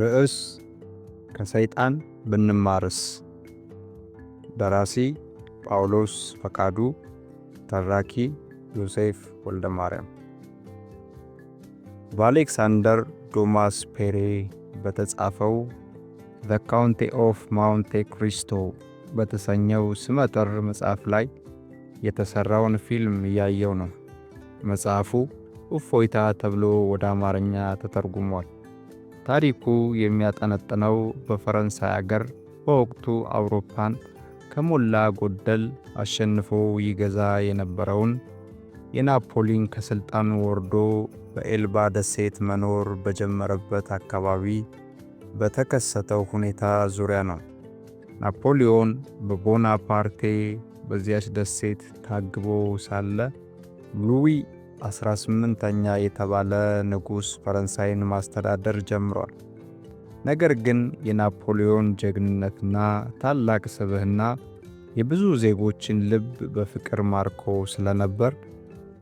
ርዕስ ከሰይጣን ብንማርስ ደራሲ ጳውሎስ ፈቃዱ ተራኪ ዮሴፍ ወልደ ማርያም በአሌክሳንደር ዶማስ ፔሬ በተጻፈው ዘ ካውንቲ ኦፍ ማውንቴ ክሪስቶ በተሰኘው ስመጥር መጽሐፍ ላይ የተሠራውን ፊልም እያየው ነው። መጽሐፉ እፎይታ ተብሎ ወደ አማርኛ ተተርጉሟል። ታሪኩ የሚያጠነጥነው በፈረንሳይ አገር በወቅቱ አውሮፓን ከሞላ ጎደል አሸንፎ ይገዛ የነበረውን የናፖሊን ከሥልጣን ወርዶ በኤልባ ደሴት መኖር በጀመረበት አካባቢ በተከሰተው ሁኔታ ዙሪያ ነው። ናፖሊዮን በቦናፓርቴ በዚያች ደሴት ታግቦ ሳለ ሉዊ 18ኛ የተባለ ንጉሥ ፈረንሳይን ማስተዳደር ጀምሯል። ነገር ግን የናፖሊዮን ጀግንነትና ታላቅ ስብህና የብዙ ዜጎችን ልብ በፍቅር ማርኮ ስለነበር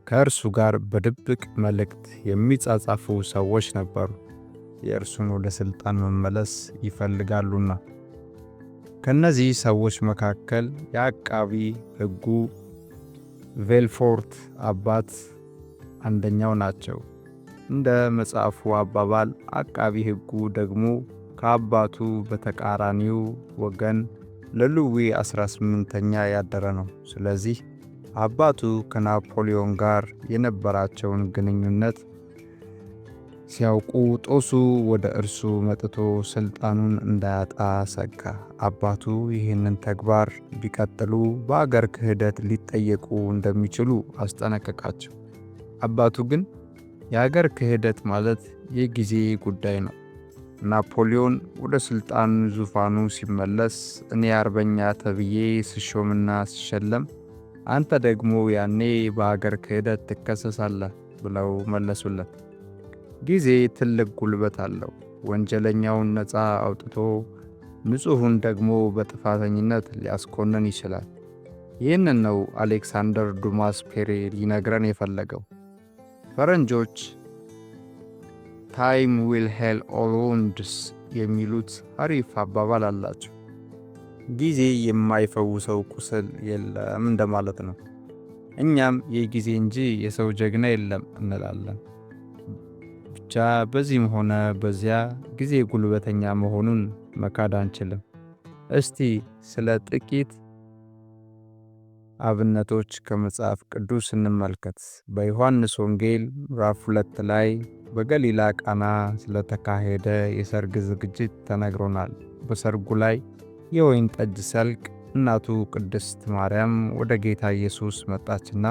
ከእርሱ ጋር በድብቅ መልእክት የሚጻጻፉ ሰዎች ነበሩ፣ የእርሱን ወደ ሥልጣን መመለስ ይፈልጋሉና። ከእነዚህ ሰዎች መካከል የአቃቢ ሕጉ ቬልፎርት አባት አንደኛው ናቸው። እንደ መጽሐፉ አባባል አቃቢ ሕጉ ደግሞ ከአባቱ በተቃራኒው ወገን ለሉዊ 18ኛ ያደረ ነው። ስለዚህ አባቱ ከናፖሊዮን ጋር የነበራቸውን ግንኙነት ሲያውቁ ጦሱ ወደ እርሱ መጥቶ ስልጣኑን እንዳያጣ ሰጋ። አባቱ ይህንን ተግባር ቢቀጥሉ በአገር ክህደት ሊጠየቁ እንደሚችሉ አስጠነቀቃቸው። አባቱ ግን የሀገር ክህደት ማለት የጊዜ ጉዳይ ነው። ናፖሊዮን ወደ ስልጣን ዙፋኑ ሲመለስ እኔ አርበኛ ተብዬ ስሾምና ስሸለም አንተ ደግሞ ያኔ በሀገር ክህደት ትከሰሳለህ ብለው መለሱለት። ጊዜ ትልቅ ጉልበት አለው። ወንጀለኛውን ነፃ አውጥቶ ንጹሑን ደግሞ በጥፋተኝነት ሊያስኮንን ይችላል። ይህንን ነው አሌክሳንደር ዱማስ ፔሬ ሊነግረን የፈለገው። ፈረንጆች ታይም ዊል ሄል ኦል ውንድስ የሚሉት አሪፍ አባባል አላቸው። ጊዜ የማይፈውሰው ቁስል የለም እንደማለት ነው። እኛም የጊዜ እንጂ የሰው ጀግና የለም እንላለን። ብቻ በዚህም ሆነ በዚያ ጊዜ ጉልበተኛ መሆኑን መካድ አንችልም። እስቲ ስለ ጥቂት አብነቶች ከመጽሐፍ ቅዱስ እንመልከት። በዮሐንስ ወንጌል ምዕራፍ ሁለት ላይ በገሊላ ቃና ስለተካሄደ የሰርግ ዝግጅት ተነግሮናል። በሰርጉ ላይ የወይን ጠጅ ሰልቅ እናቱ ቅድስት ማርያም ወደ ጌታ ኢየሱስ መጣችና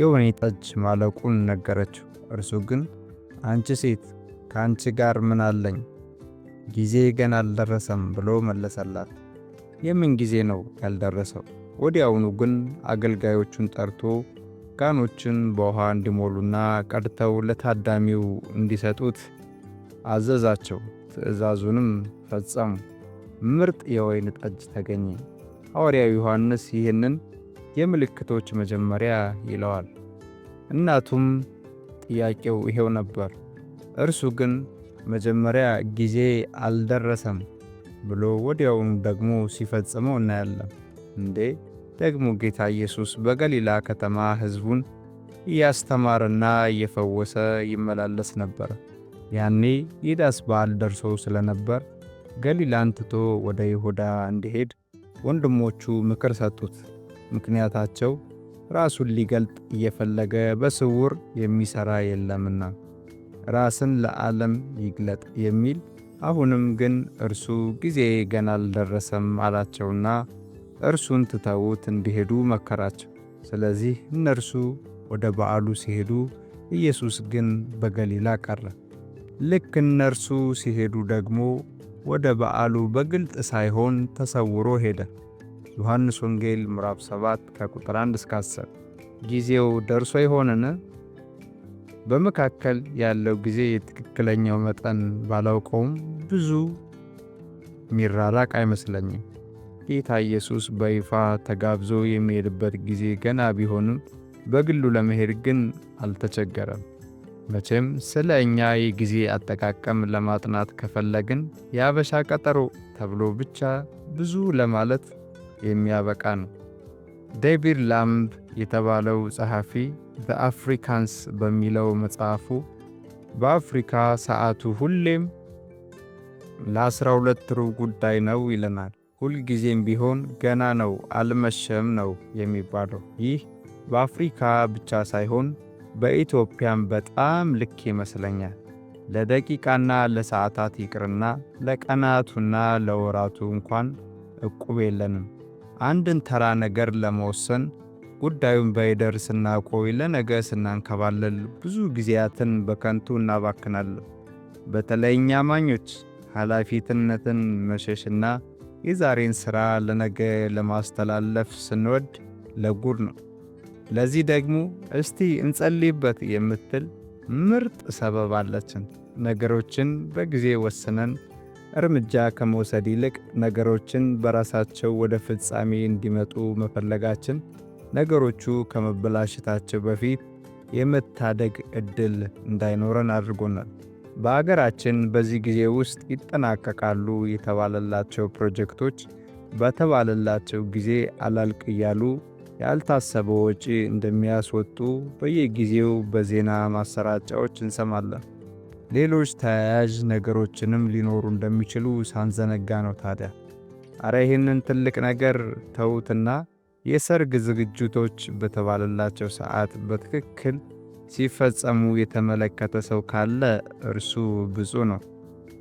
የወይን ጠጅ ማለቁን ነገረችው። እርሱ ግን አንቺ ሴት ከአንቺ ጋር ምን አለኝ? ጊዜ ገና አልደረሰም ብሎ መለሰላት። የምን ጊዜ ነው ያልደረሰው? ወዲያውኑ ግን አገልጋዮቹን ጠርቶ ጋኖችን በውሃ እንዲሞሉና ቀድተው ለታዳሚው እንዲሰጡት አዘዛቸው። ትእዛዙንም ፈጸሙ። ምርጥ የወይን ጠጅ ተገኘ። ሐዋርያው ዮሐንስ ይህንን የምልክቶች መጀመሪያ ይለዋል። እናቱም ጥያቄው ይሄው ነበር። እርሱ ግን መጀመሪያ ጊዜ አልደረሰም ብሎ ወዲያውኑ ደግሞ ሲፈጽመው እናያለን። እንዴ ደግሞ ጌታ ኢየሱስ በገሊላ ከተማ ሕዝቡን እያስተማረና እየፈወሰ ይመላለስ ነበር። ያኔ ይዳስ በዓል ደርሶ ስለነበር ገሊላን ትቶ ወደ ይሁዳ እንዲሄድ ወንድሞቹ ምክር ሰጡት። ምክንያታቸው ራሱን ሊገልጥ እየፈለገ በስውር የሚሰራ የለምና ራስን ለዓለም ይግለጥ የሚል አሁንም ግን እርሱ ጊዜ ገና አልደረሰም አላቸውና እርሱን ትተውት እንዲሄዱ መከራቸው። ስለዚህ እነርሱ ወደ በዓሉ ሲሄዱ ኢየሱስ ግን በገሊላ ቀረ። ልክ እነርሱ ሲሄዱ ደግሞ ወደ በዓሉ በግልጥ ሳይሆን ተሰውሮ ሄደ። ዮሐንስ ወንጌል ምዕራፍ 7 ከቁጥር 1 እስከ 10። ጊዜው ደርሶ ይሆንን? በመካከል ያለው ጊዜ የትክክለኛው መጠን ባላውቀውም ብዙ ሚራራቅ አይመስለኝም። ጌታ ኢየሱስ በይፋ ተጋብዞ የሚሄድበት ጊዜ ገና ቢሆንም በግሉ ለመሄድ ግን አልተቸገረም። መቼም ስለ እኛ የጊዜ አጠቃቀም ለማጥናት ከፈለግን የአበሻ ቀጠሮ ተብሎ ብቻ ብዙ ለማለት የሚያበቃ ነው። ዴቪድ ላምብ የተባለው ጸሐፊ አፍሪካንስ በሚለው መጽሐፉ በአፍሪካ ሰዓቱ ሁሌም ለ12 ሩብ ጉዳይ ነው ይለናል። ሁልጊዜም ቢሆን ገና ነው አልመሸም ነው የሚባለው። ይህ በአፍሪካ ብቻ ሳይሆን በኢትዮጵያም በጣም ልክ ይመስለኛል። ለደቂቃና ለሰዓታት ይቅርና ለቀናቱና ለወራቱ እንኳን እቁብ የለንም። አንድን ተራ ነገር ለመወሰን ጉዳዩን በይደር ስናቆይ ለነገ ስናንከባለል ብዙ ጊዜያትን በከንቱ እናባክናለን። በተለይ እኛ አማኞች ኃላፊትነትን መሸሽና የዛሬን ሥራ ለነገ ለማስተላለፍ ስንወድ ለጉድ ነው። ለዚህ ደግሞ እስቲ እንጸልይበት የምትል ምርጥ ሰበብ አለችን። ነገሮችን በጊዜ ወስነን እርምጃ ከመውሰድ ይልቅ ነገሮችን በራሳቸው ወደ ፍጻሜ እንዲመጡ መፈለጋችን ነገሮቹ ከመበላሸታቸው በፊት የመታደግ ዕድል እንዳይኖረን አድርጎናል። በአገራችን በዚህ ጊዜ ውስጥ ይጠናቀቃሉ የተባለላቸው ፕሮጀክቶች በተባለላቸው ጊዜ አላልቅ እያሉ ያልታሰበ ወጪ እንደሚያስወጡ በየጊዜው በዜና ማሰራጫዎች እንሰማለን። ሌሎች ተያያዥ ነገሮችንም ሊኖሩ እንደሚችሉ ሳንዘነጋ ነው። ታዲያ አረ ይህንን ትልቅ ነገር ተዉትና የሰርግ ዝግጅቶች በተባለላቸው ሰዓት በትክክል ሲፈጸሙ የተመለከተ ሰው ካለ እርሱ ብፁ ነው።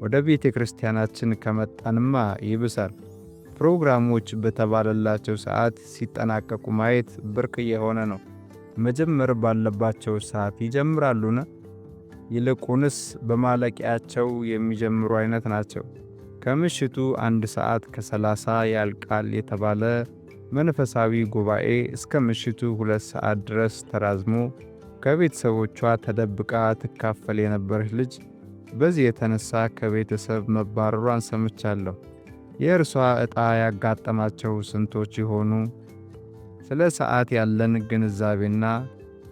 ወደ ቤተ ክርስቲያናችን ከመጣንማ ይብሳል። ፕሮግራሞች በተባለላቸው ሰዓት ሲጠናቀቁ ማየት ብርቅ የሆነ ነው። መጀመር ባለባቸው ሰዓት ይጀምራሉን? ይልቁንስ በማለቂያቸው የሚጀምሩ አይነት ናቸው። ከምሽቱ አንድ ሰዓት ከሰላሳ ያልቃል የተባለ መንፈሳዊ ጉባኤ እስከ ምሽቱ ሁለት ሰዓት ድረስ ተራዝሞ ከቤተሰቦቿ ተደብቃ ትካፈል የነበረች ልጅ በዚህ የተነሳ ከቤተሰብ መባረሯን ሰምቻለሁ። የእርሷ ዕጣ ያጋጠማቸው ስንቶች ይሆኑ? ስለ ሰዓት ያለን ግንዛቤና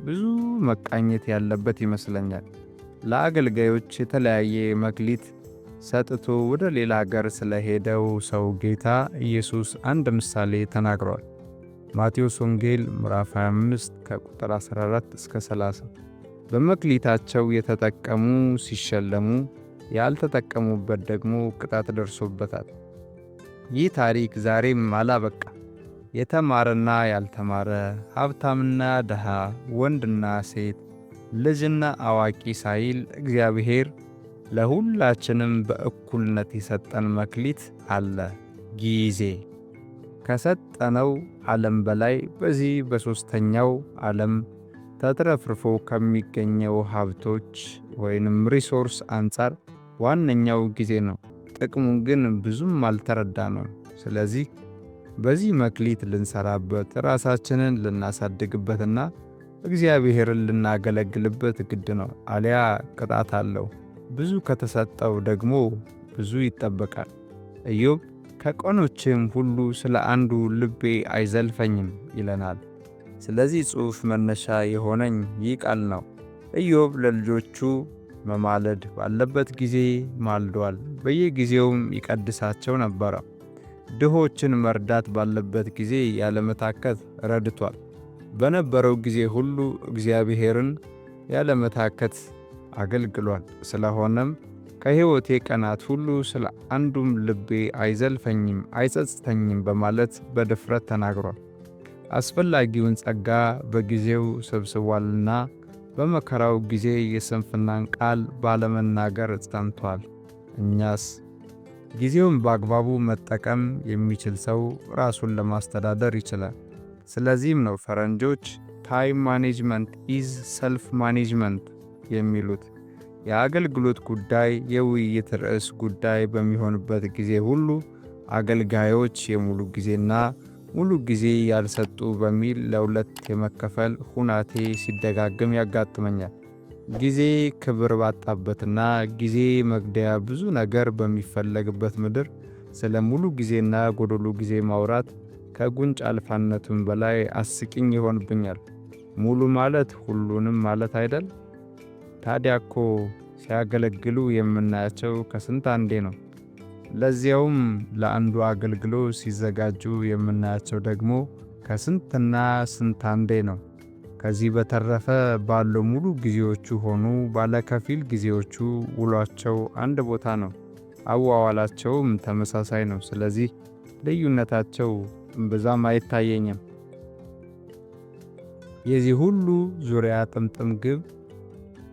ብዙ መቃኘት ያለበት ይመስለኛል። ለአገልጋዮች የተለያየ መክሊት ሰጥቶ ወደ ሌላ አገር ስለሄደው ሰው ጌታ ኢየሱስ አንድ ምሳሌ ተናግሯል። ማቴዎስ ወንጌል ምዕራፍ 25 ከቁጥር 14 እስከ 30። በመክሊታቸው የተጠቀሙ ሲሸለሙ፣ ያልተጠቀሙበት ደግሞ ቅጣት ደርሶበታል። ይህ ታሪክ ዛሬም አላበቃ። የተማረና ያልተማረ፣ ሀብታምና ድሃ፣ ወንድና ሴት፣ ልጅና አዋቂ ሳይል እግዚአብሔር ለሁላችንም በእኩልነት የሰጠን መክሊት አለ ጊዜ ከሰጠነው ዓለም በላይ በዚህ በሦስተኛው ዓለም ተትረፍርፎ ከሚገኘው ሀብቶች ወይንም ሪሶርስ አንጻር ዋነኛው ጊዜ ነው። ጥቅሙ ግን ብዙም አልተረዳ ነው። ስለዚህ በዚህ መክሊት ልንሰራበት ራሳችንን ልናሳድግበትና እግዚአብሔርን ልናገለግልበት ግድ ነው። አሊያ ቅጣት አለው። ብዙ ከተሰጠው ደግሞ ብዙ ይጠበቃል። ኢዮብ ከቀኖችም ሁሉ ስለ አንዱ ልቤ አይዘልፈኝም ይለናል። ስለዚህ ጽሑፍ መነሻ የሆነኝ ይህ ቃል ነው። ኢዮብ ለልጆቹ መማለድ ባለበት ጊዜ ማልዷል፣ በየጊዜውም ይቀድሳቸው ነበረ። ድሆችን መርዳት ባለበት ጊዜ ያለመታከት ረድቷል። በነበረው ጊዜ ሁሉ እግዚአብሔርን ያለመታከት አገልግሏል። ስለሆነም ከሕይወቴ ቀናት ሁሉ ስለ አንዱም ልቤ አይዘልፈኝም አይጸጽተኝም በማለት በድፍረት ተናግሯል። አስፈላጊውን ጸጋ በጊዜው ሰብስቧልና በመከራው ጊዜ የስንፍናን ቃል ባለመናገር ጸንቷል። እኛስ ጊዜውን በአግባቡ መጠቀም የሚችል ሰው ራሱን ለማስተዳደር ይችላል። ስለዚህም ነው ፈረንጆች ታይም ማኔጅመንት ኢዝ ሰልፍ ማኔጅመንት የሚሉት። የአገልግሎት ጉዳይ የውይይት ርዕስ ጉዳይ በሚሆንበት ጊዜ ሁሉ አገልጋዮች የሙሉ ጊዜና ሙሉ ጊዜ ያልሰጡ በሚል ለሁለት የመከፈል ሁናቴ ሲደጋግም ያጋጥመኛል። ጊዜ ክብር ባጣበትና ጊዜ መግደያ ብዙ ነገር በሚፈለግበት ምድር ስለ ሙሉ ጊዜና ጎደሎ ጊዜ ማውራት ከጉንጭ አልፋነቱም በላይ አስቂኝ ይሆንብኛል። ሙሉ ማለት ሁሉንም ማለት አይደል? ታዲያ እኮ ሲያገለግሉ የምናያቸው ከስንት አንዴ ነው። ለዚያውም ለአንዱ አገልግሎት ሲዘጋጁ የምናያቸው ደግሞ ከስንትና ስንት አንዴ ነው። ከዚህ በተረፈ ባለው ሙሉ ጊዜዎቹ ሆኑ ባለከፊል ጊዜዎቹ ውሏቸው አንድ ቦታ ነው። አዋዋላቸውም ተመሳሳይ ነው። ስለዚህ ልዩነታቸው ብዛም አይታየኝም። የዚህ ሁሉ ዙሪያ ጥምጥም ግብ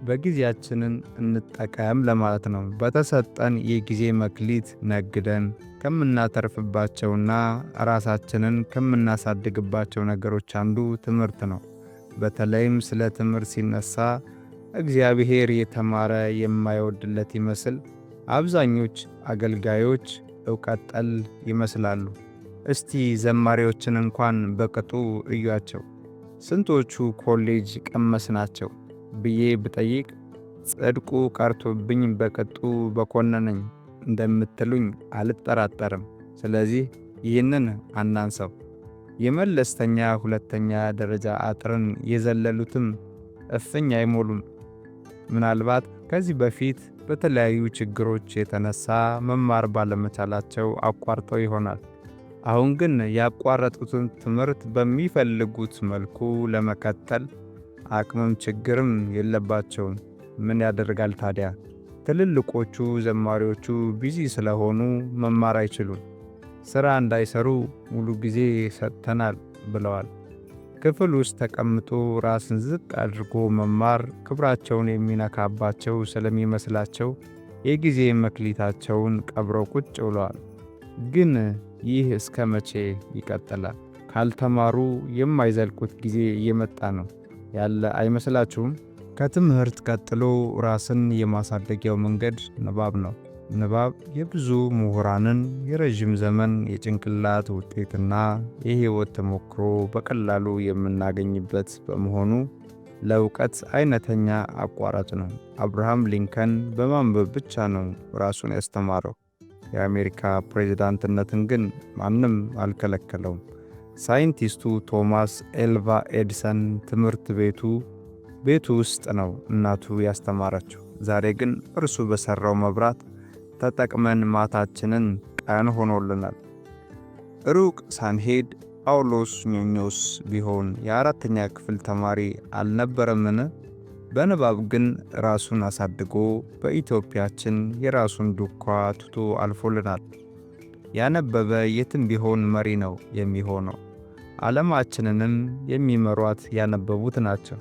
በጊዜያችንን እንጠቀም ለማለት ነው። በተሰጠን የጊዜ መክሊት ነግደን ከምናተርፍባቸውና ራሳችንን ከምናሳድግባቸው ነገሮች አንዱ ትምህርት ነው። በተለይም ስለ ትምህርት ሲነሳ እግዚአብሔር የተማረ የማይወድለት ይመስል አብዛኞች አገልጋዮች እውቀት ጠል ይመስላሉ። እስቲ ዘማሪዎችን እንኳን በቅጡ እዩአቸው። ስንቶቹ ኮሌጅ ቀመስ ናቸው? ብዬ ብጠይቅ ጽድቁ ቀርቶብኝ በቅጡ በኮነነኝ እንደምትሉኝ አልጠራጠርም። ስለዚህ ይህንን አናንሰው። የመለስተኛ ሁለተኛ ደረጃ አጥርን የዘለሉትም እፍኝ አይሞሉም። ምናልባት ከዚህ በፊት በተለያዩ ችግሮች የተነሳ መማር ባለመቻላቸው አቋርጠው ይሆናል። አሁን ግን ያቋረጡትን ትምህርት በሚፈልጉት መልኩ ለመከተል አቅምም ችግርም የለባቸውም። ምን ያደርጋል ታዲያ ትልልቆቹ ዘማሪዎቹ ቢዚ ስለሆኑ መማር አይችሉም። ሥራ እንዳይሰሩ ሙሉ ጊዜ ሰጥተናል ብለዋል። ክፍል ውስጥ ተቀምጦ ራስን ዝቅ አድርጎ መማር ክብራቸውን የሚነካባቸው ስለሚመስላቸው የጊዜ መክሊታቸውን ቀብረው ቁጭ ብለዋል። ግን ይህ እስከ መቼ ይቀጥላል? ካልተማሩ የማይዘልቁት ጊዜ እየመጣ ነው። ያለ አይመስላችሁም? ከትምህርት ቀጥሎ ራስን የማሳደጊያው መንገድ ንባብ ነው። ንባብ የብዙ ምሁራንን የረዥም ዘመን የጭንቅላት ውጤትና የሕይወት ተሞክሮ በቀላሉ የምናገኝበት በመሆኑ ለእውቀት አይነተኛ አቋራጭ ነው። አብርሃም ሊንከን በማንበብ ብቻ ነው ራሱን ያስተማረው። የአሜሪካ ፕሬዝዳንትነትን ግን ማንም አልከለከለውም። ሳይንቲስቱ ቶማስ ኤልቫ ኤዲሰን ትምህርት ቤቱ ቤቱ ውስጥ ነው እናቱ ያስተማረችው። ዛሬ ግን እርሱ በሠራው መብራት ተጠቅመን ማታችንን ቀን ሆኖልናል። ሩቅ ሳንሄድ ጳውሎስ ኞኞስ ቢሆን የአራተኛ ክፍል ተማሪ አልነበረምን? በንባብ ግን ራሱን አሳድጎ በኢትዮጵያችን የራሱን ዱካ ትቶ አልፎልናል። ያነበበ የትም ቢሆን መሪ ነው የሚሆነው። ዓለማችንንም የሚመሯት ያነበቡት ናቸው።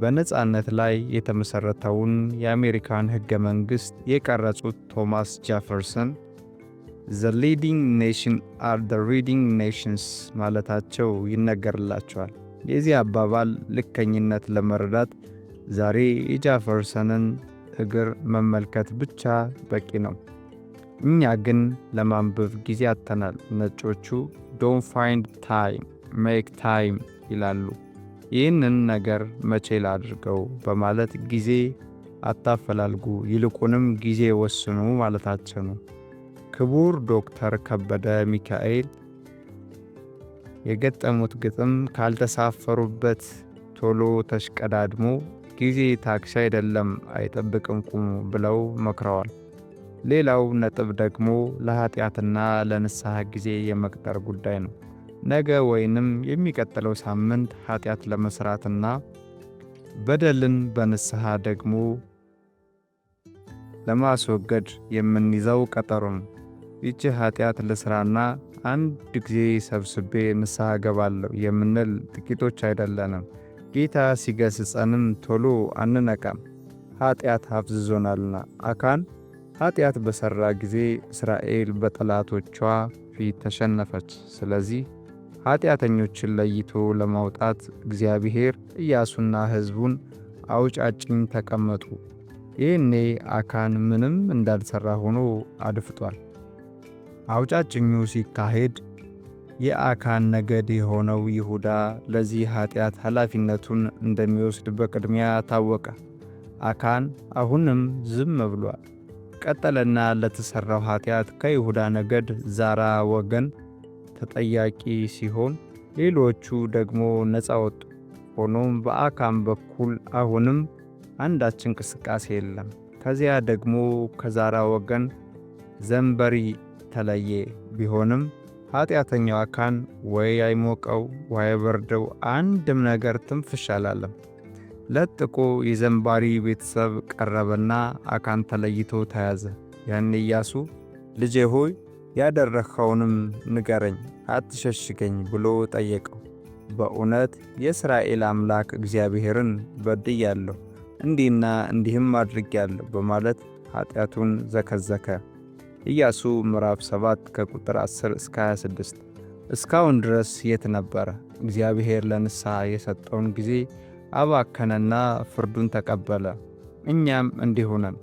በነፃነት ላይ የተመሠረተውን የአሜሪካን ሕገ መንግሥት የቀረጹት ቶማስ ጃፈርሰን ዘ ሊዲንግ ኔሽን አር ዘ ሪዲንግ ኔሽንስ ማለታቸው ይነገርላቸዋል። የዚህ አባባል ልከኝነት ለመረዳት ዛሬ የጃፈርሰንን እግር መመልከት ብቻ በቂ ነው። እኛ ግን ለማንበብ ጊዜ አጥተናል። ነጮቹ ዶንት ፋይንድ ታይም ሜክ ታይም ይላሉ። ይህንን ነገር መቼ ላድርገው በማለት ጊዜ አታፈላልጉ፣ ይልቁንም ጊዜ ወስኑ ማለታቸው ነው። ክቡር ዶክተር ከበደ ሚካኤል የገጠሙት ግጥም ካልተሳፈሩበት ቶሎ ተሽቀዳድሞ ጊዜ ታክሲ አይደለም አይጠብቅም ቁሙ ብለው መክረዋል። ሌላው ነጥብ ደግሞ ለኃጢአትና ለንስሐ ጊዜ የመቅጠር ጉዳይ ነው። ነገ ወይንም የሚቀጥለው ሳምንት ኃጢአት ለመሥራትና በደልን በንስሐ ደግሞ ለማስወገድ የምንይዘው ቀጠሮን። ይቺ ኃጢአት ልሥራና አንድ ጊዜ ሰብስቤ ንስሐ ገባለሁ የምንል ጥቂቶች አይደለንም። ጌታ ሲገስጸንም ቶሎ አንነቃም፣ ኃጢአት አፍዝዞናልና። አካን ኃጢአት በሠራ ጊዜ እስራኤል በጠላቶቿ ፊት ተሸነፈች። ስለዚህ ኃጢአተኞችን ለይቶ ለማውጣት እግዚአብሔር ኢያሱና ሕዝቡን አውጫጭኝ ተቀመጡ። ይህኔ አካን ምንም እንዳልሠራ ሆኖ አድፍጧል። አውጫጭኙ ሲካሄድ የአካን ነገድ የሆነው ይሁዳ ለዚህ ኃጢአት ኃላፊነቱን እንደሚወስድ በቅድሚያ ታወቀ። አካን አሁንም ዝም ብሏል። ቀጠለና ለተሠራው ኃጢአት ከይሁዳ ነገድ ዛራ ወገን ተጠያቂ ሲሆን፣ ሌሎቹ ደግሞ ነፃ ወጡ። ሆኖም በአካም በኩል አሁንም አንዳች እንቅስቃሴ የለም። ከዚያ ደግሞ ከዛራ ወገን ዘንበሪ ተለየ። ቢሆንም ኃጢአተኛው አካን ወይ አይሞቀው ወይ አይበርደው አንድም ነገር ትንፍሽ አላለም። ለጥቆ የዘንባሪ ቤተሰብ ቀረበና አካን ተለይቶ ተያዘ። ያን ኢያሱ ልጄ ሆይ ያደረግኸውንም ንገረኝ፣ አትሸሽገኝ ብሎ ጠየቀው። በእውነት የእስራኤል አምላክ እግዚአብሔርን በድያለሁ፣ እንዲህና እንዲህም አድርጌያለሁ በማለት ኃጢአቱን ዘከዘከ። ኢያሱ ምዕራፍ 7 ከቁጥር 10 እስከ 26። እስካሁን ድረስ የት ነበረ? እግዚአብሔር ለንስሐ የሰጠውን ጊዜ አባከነና ፍርዱን ተቀበለ። እኛም እንዲሁ ነን።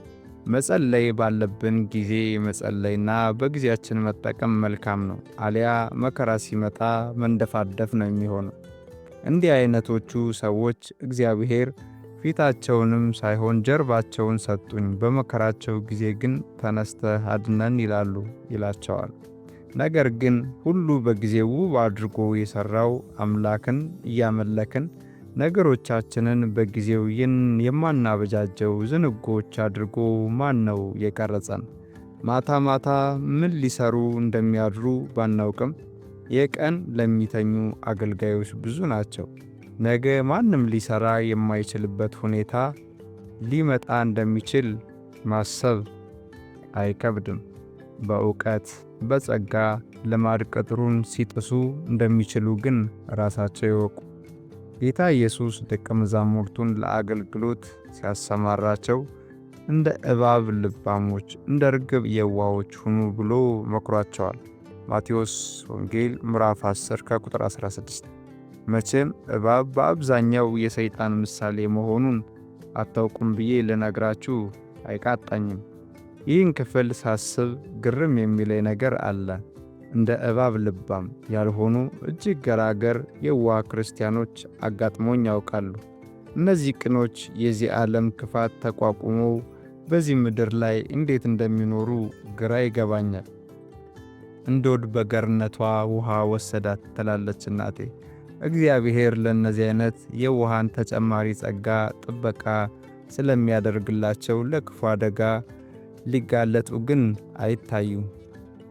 መጸለይ ባለብን ጊዜ መጸለይና በጊዜያችን መጠቀም መልካም ነው። አሊያ መከራ ሲመጣ መንደፋደፍ ነው የሚሆነው። እንዲህ አይነቶቹ ሰዎች እግዚአብሔር ፊታቸውንም ሳይሆን ጀርባቸውን ሰጡኝ፣ በመከራቸው ጊዜ ግን ተነስተህ አድነን ይላሉ ይላቸዋል። ነገር ግን ሁሉ በጊዜ ውብ አድርጎ የሠራው አምላክን እያመለክን ነገሮቻችንን በጊዜው ይህን የማናበጃጀው ዝንጎች አድርጎ ማን ነው የቀረጸን? ማታ ማታ ምን ሊሰሩ እንደሚያድሩ ባናውቅም የቀን ለሚተኙ አገልጋዮች ብዙ ናቸው። ነገ ማንም ሊሰራ የማይችልበት ሁኔታ ሊመጣ እንደሚችል ማሰብ አይከብድም። በእውቀት በጸጋ ልማድ ቅጥሩን ሲጥሱ እንደሚችሉ ግን ራሳቸው ይወቁ። ጌታ ኢየሱስ ደቀ መዛሙርቱን ለአገልግሎት ሲያሰማራቸው እንደ እባብ ልባሞች እንደ ርግብ የዋዎች ሁኑ ብሎ መክሯቸዋል። ማቴዎስ ወንጌል ምዕራፍ 10 ከቁጥር 16። መቼም እባብ በአብዛኛው የሰይጣን ምሳሌ መሆኑን አታውቁም ብዬ ልነግራችሁ አይቃጣኝም። ይህን ክፍል ሳስብ ግርም የሚለኝ ነገር አለ። እንደ እባብ ልባም ያልሆኑ እጅግ ገራገር የዋ ክርስቲያኖች አጋጥሞኝ ያውቃሉ። እነዚህ ቅኖች የዚህ ዓለም ክፋት ተቋቁመው በዚህ ምድር ላይ እንዴት እንደሚኖሩ ግራ ይገባኛል። እንዶድ በገርነቷ ውሃ ወሰዳት ትላለች እናቴ። እግዚአብሔር ለእነዚህ አይነት የውሃን ተጨማሪ ጸጋ ጥበቃ ስለሚያደርግላቸው ለክፉ አደጋ ሊጋለጡ ግን አይታዩም።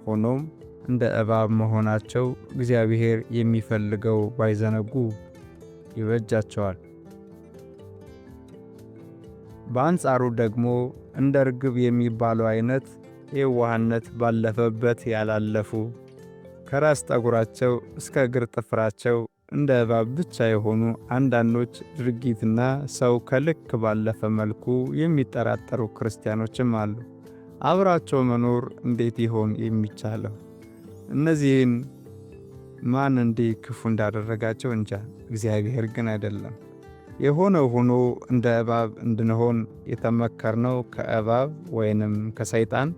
ሆኖም እንደ እባብ መሆናቸው እግዚአብሔር የሚፈልገው ባይዘነጉ ይበጃቸዋል። በአንጻሩ ደግሞ እንደ ርግብ የሚባለው አይነት የዋህነት ባለፈበት ያላለፉ ከራስ ጠጉራቸው እስከ እግር ጥፍራቸው እንደ እባብ ብቻ የሆኑ አንዳንዶች ድርጊትና ሰው ከልክ ባለፈ መልኩ የሚጠራጠሩ ክርስቲያኖችም አሉ። አብራቸው መኖር እንዴት ይሆን የሚቻለው? እነዚህን ማን እንዲህ ክፉ እንዳደረጋቸው እንጃ፣ እግዚአብሔር ግን አይደለም። የሆነ ሆኖ እንደ እባብ እንድንሆን የተመከርነው ከእባብ ወይንም ከሰይጣን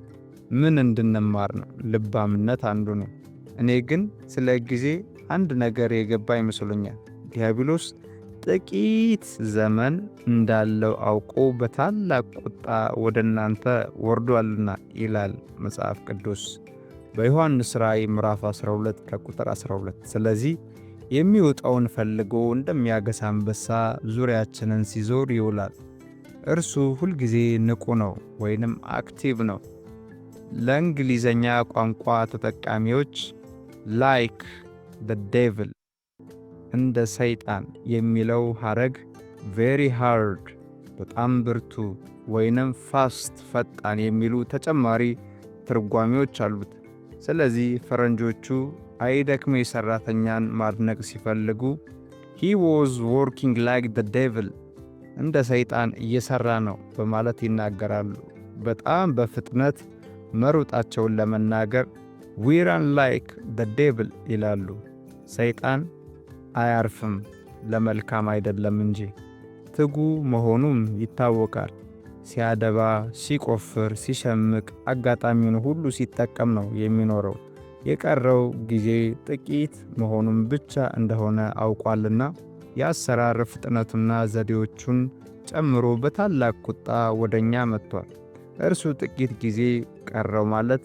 ምን እንድንማር ነው? ልባምነት አንዱ ነው። እኔ ግን ስለ ጊዜ አንድ ነገር የገባ ይመስሉኛል። ዲያብሎስ ጥቂት ዘመን እንዳለው አውቆ በታላቅ ቁጣ ወደ እናንተ ወርዷልና ይላል መጽሐፍ ቅዱስ። በዮሐንስ ራእይ ምዕራፍ 12 ከቁጥር 12። ስለዚህ የሚወጣውን ፈልጎ እንደሚያገሳ አንበሳ ዙሪያችንን ሲዞር ይውላል። እርሱ ሁልጊዜ ንቁ ነው ወይንም አክቲቭ ነው። ለእንግሊዘኛ ቋንቋ ተጠቃሚዎች ላይክ ደ ዴቪል እንደ ሰይጣን የሚለው ሐረግ ቬሪ ሃርድ በጣም ብርቱ ወይንም ፋስት ፈጣን የሚሉ ተጨማሪ ትርጓሜዎች አሉት። ስለዚህ ፈረንጆቹ አይደክሜ ሠራተኛን ማድነቅ ሲፈልጉ ሂ ዋዝ ዎርኪንግ ላይክ ደ ዴቪል እንደ ሰይጣን እየሠራ ነው በማለት ይናገራሉ። በጣም በፍጥነት መሩጣቸውን ለመናገር ዊራን ላይክ ደ ዴቪል ይላሉ። ሰይጣን አያርፍም ለመልካም አይደለም እንጂ ትጉ መሆኑም ይታወቃል። ሲያደባ፣ ሲቆፍር፣ ሲሸምቅ አጋጣሚውን ሁሉ ሲጠቀም ነው የሚኖረው። የቀረው ጊዜ ጥቂት መሆኑን ብቻ እንደሆነ አውቋልና የአሰራር ፍጥነቱና ዘዴዎቹን ጨምሮ በታላቅ ቁጣ ወደ እኛ መጥቷል። እርሱ ጥቂት ጊዜ ቀረው ማለት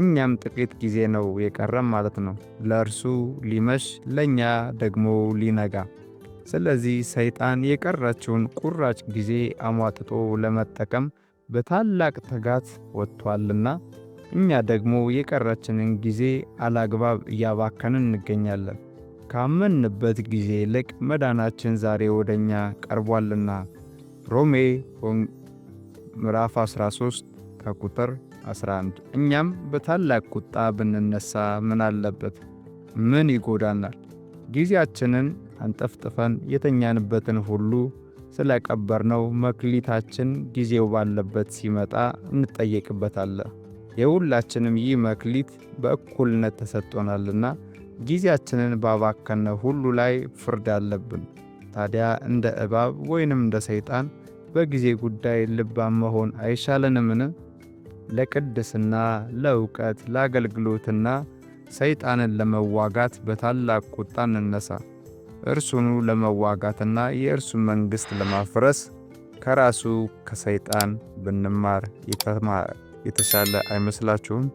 እኛም ጥቂት ጊዜ ነው የቀረም ማለት ነው። ለእርሱ ሊመሽ ለእኛ ደግሞ ሊነጋ ስለዚህ ሰይጣን የቀረችውን ቁራጭ ጊዜ አሟጥጦ ለመጠቀም በታላቅ ትጋት ወጥቷልና እኛ ደግሞ የቀረችንን ጊዜ አላግባብ እያባከንን እንገኛለን። ካመንበት ጊዜ ይልቅ መዳናችን ዛሬ ወደ እኛ ቀርቧልና ሮሜ ምዕራፍ 13 ከቁጥር 11 እኛም በታላቅ ቁጣ ብንነሳ ምን አለበት? ምን ይጎዳናል? ጊዜያችንን አንጠፍጥፈን የተኛንበትን ሁሉ ስለቀበርነው መክሊታችን ጊዜው ባለበት ሲመጣ እንጠየቅበታለን። የሁላችንም ይህ መክሊት በእኩልነት ተሰጥቶናልና ጊዜያችንን ባባከነ ሁሉ ላይ ፍርድ አለብን። ታዲያ እንደ እባብ ወይንም እንደ ሰይጣን በጊዜ ጉዳይ ልባም መሆን አይሻለንምን? ለቅድስና፣ ለእውቀት፣ ለአገልግሎትና ሰይጣንን ለመዋጋት በታላቅ ቁጣ እንነሳ። እርሱኑ ለመዋጋትና የእርሱን መንግሥት ለማፍረስ ከራሱ ከሰይጣን ብንማር የተሻለ አይመስላችሁም?